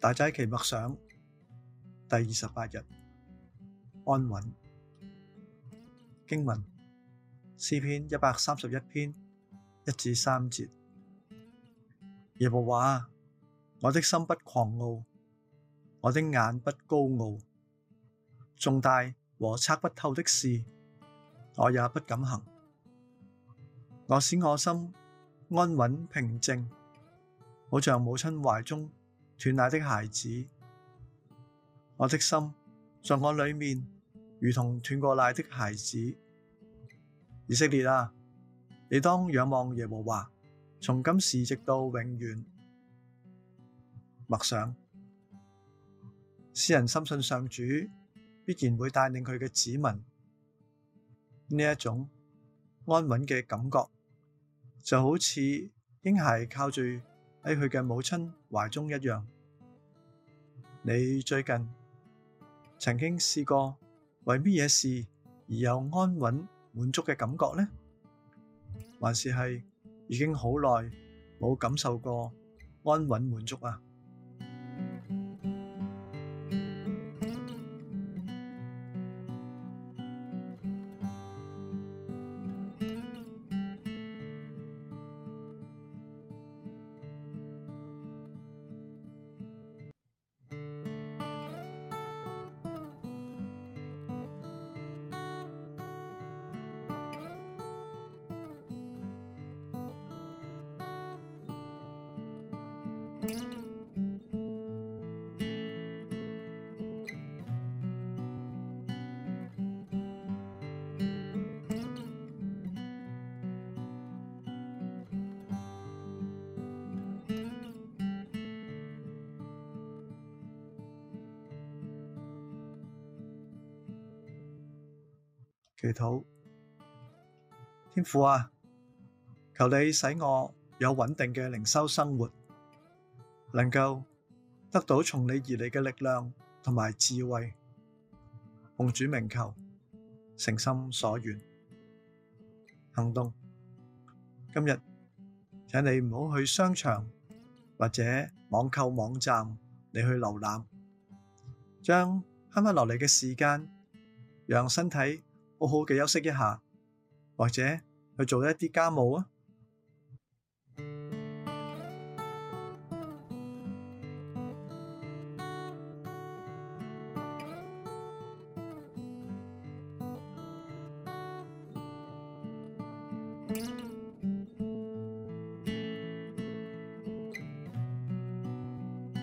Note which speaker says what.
Speaker 1: 大齋期默想第二十八日。安穩經文，詩篇一百三十一篇一至三節：耶和華啊，我的心不狂傲，我的眼不高傲，重大和測不透的事，我也不敢行。我使我心安穩、平靜。好像母親懷中斷奶的孩子，我的心在我裏面，如同斷過奶的孩子。以色列啊，你當仰望耶和華，從今時直到永遠。默想，詩人深信上主必然會帶領佢嘅子民，呢一種安穩嘅感覺，就好似嬰孩靠住。喺佢嘅母親懷中一樣。你最近曾經試過為乜嘢事而有安穩滿足嘅感覺呢？還是係已經好耐冇感受過安穩滿足啊？祈禱，天父啊，求你使我有穩定嘅靈修生活，能夠得到從你而嚟嘅力量同埋智慧，奉主名求，誠心所願，行動。今日請你唔好去商場或者網購網站，你去瀏覽，將慳翻落嚟嘅時間，讓身體好好嘅休息一下，或者去做一啲家務啊！